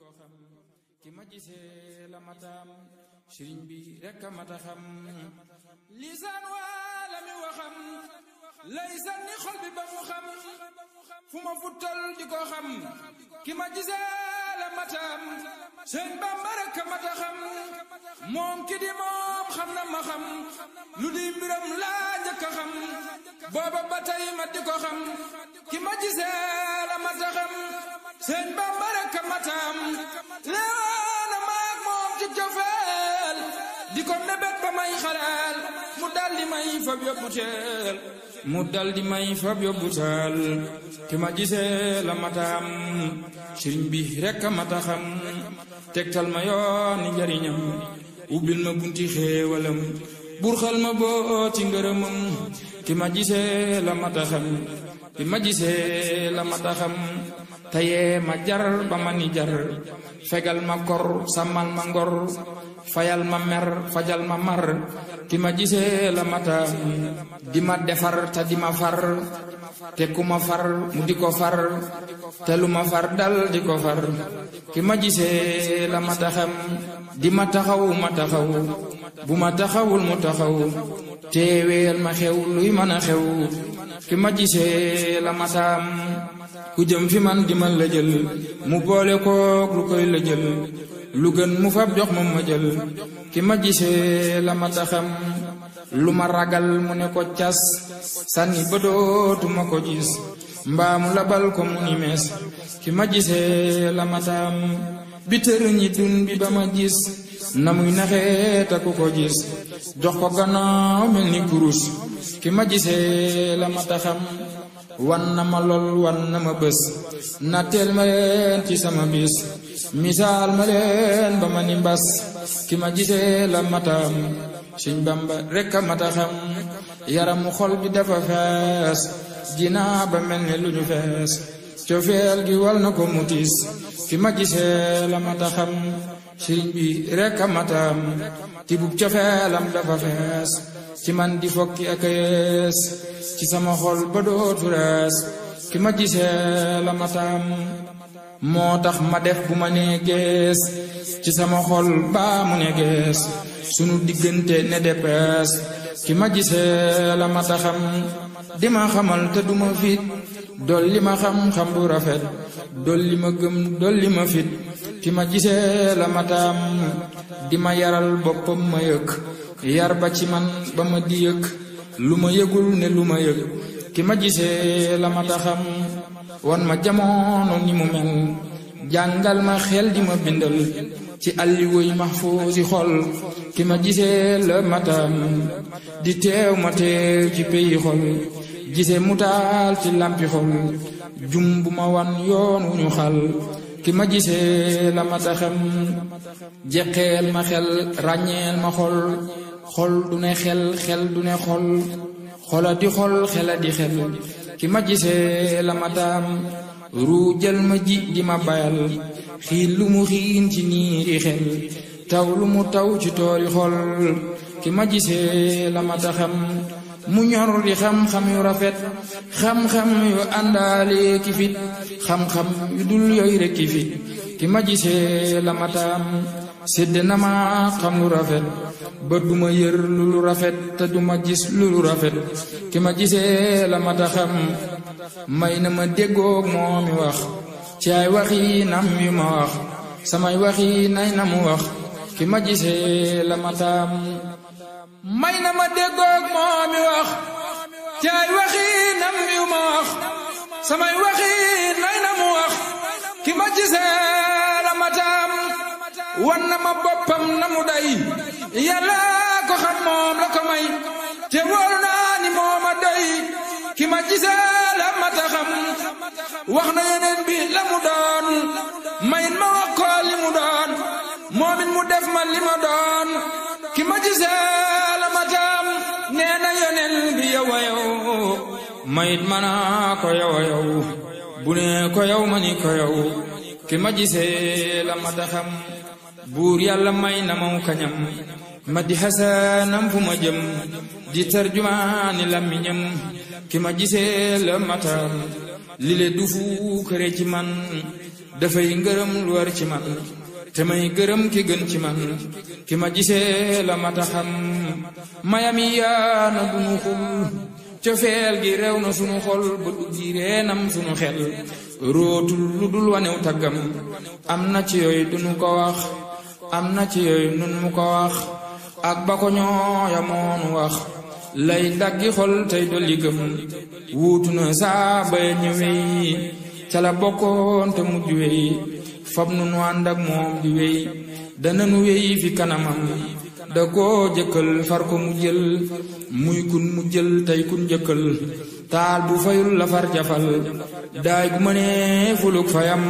ko xam ma gisee la xam lisaan waa xol bi ba mu xam fu ma futtal di xam ki ma gisee la mataam sëriñ Bamba rekk a mata xam moom ki moom xam na ma xam lu di mbiram laa njëkk xam booba ba ma di xam ki ma gisee mata xam sëriñ Bamba kanam leewaana maag moom ci jofeel di ko mébét ba may xareel mu dal may fab yóbbu mu dal may fab yóbbu ki ma gisee la mataam sëriñ bi rekk a mata tegtal ma yoon i njariñam ubbil ma bunti xéewalam burxal ma boo ci ki ma gisee la mata ki ma gisee la mata tayee ma jar ba ma ni jar fegal ma kor sàmmal ma ngor fayal ma mer fajal ma mar ki ma gisee la mata di ma defar te di ma far te ma far mu di ko far te lu ma far dal di ko far ki ma gisee la mata xam di ma taxaw ma taxaw bu ma taxawul mu taxaw teeweel ma xew luy mën a xew fi ma gisee la masaam ku jëm fi man di man la jël mu boole kook lu koy la lu gën mu fab jox ma ma ki ma gisee la ma taxam lu ma ragal mu ne ko cas sànni ba dootuma ko gis labal ko mu ni ki ma gisee bi tër ñi dun bi ba ma gis na muy naxee te ko gis jox ko gannaaw mel ni kurus ki ma gisee la ma taxam wan ma lool wan na ma bés natteel ma leen ci sama bis misaal ma leen ba ma ni mbas ki ma gisee la matam suñ bamba rek a mataxam yaramu xol bi dafa fees jinaa ba mel ni lu fees cofeel gi wal na ko mutis tiis fi ma gisee la mata xam sëriñ bi rekk a matam tibub cofeelam dafa fees ci man di fokki ak yees ci sama xol ba dootu rees ma gisee la matam moo tax ma def bu ma nee ci sama xol baa mu ne sunu diggante ne depees ki ma gisee la mata di ma xamal te duma fit dolli ma xam-xam bu rafet dolli ma gëm dolli ma fit fi ma gisee la ma taam di ma yaral boppam ma yëg yar ba ci man ba ma di yëg lu ma yëgul ne lu ma yëg ki ma gisee la ma wan ma jamono ni mu mel jàngal ma xel di ma bindal ci alliwuy mahfuusi xol ki ma gisee la di teew ma teew ci peyi xol gise mu taal ci lampi xol jum ma wan yoon wu ñu xal ki ma gisee la ma taxam jeqeel ma xel ràññeel ma xol xol du ne xel xel du ne xol xola di xol xela di xel ki ma gisee la ma taam ruujal ma ji di ma bayal xiin lu mu xiin ci niiri xel taw lu mu taw ci toori xol ki ma gisee la ma taxam mu ñor di xam-xam yu rafet xam-xam yu àndaale ki xam-xam yu dul yooyu rek ki ki ma gisee la mataam na ma xam lu rafet ba du ma yër lu lu rafet te du ma gis lu lu rafet ki ma gisee la mata xam may na ma déggoog moo mi wax ci ay waxi nam yu ma wax samay waxi nay na mu wax ki ma gisee la mataam jaay waxiinam yu ma wax samay waxiin lay na mu wax ki ma gisee la mataam wan ma boppam na mu day yàlla ko xam moom la ko may te wóor naa ni mooma ki ma gisee la mata wax na mayit mana ko yow a bu ne ko yow ma ni ko yow ki ma gisee la ma buur yàlla may na maw kañam ma di xasanam fu ma jëm di tarjumaani làmmiñam ki ma gisee la matam li le du ci man dafay ngërëm lu war ci man te may gërëm ki gën ci man ki ma gisee la mata xam mayam yi yaana bu nu cofeel gi rew na sunu xol ba duggi reenam sunu xel rootul lu dul wanew taggam am na ci yooyu dunu ko wax am na ci yooyu nun mu ko wax ak ba ko ñooya moonu wax lay daggi xol tey dolli gëm wuutu na saa baya ñëwey ca la bokkoon te mujj wey fab nu nu ànd ak moom di wey dana nu wey fi kanamam da koo jëkkal far mu jël muy kun mu jël tey kun jëkkal taal bu fayul la jafal daay gu fayam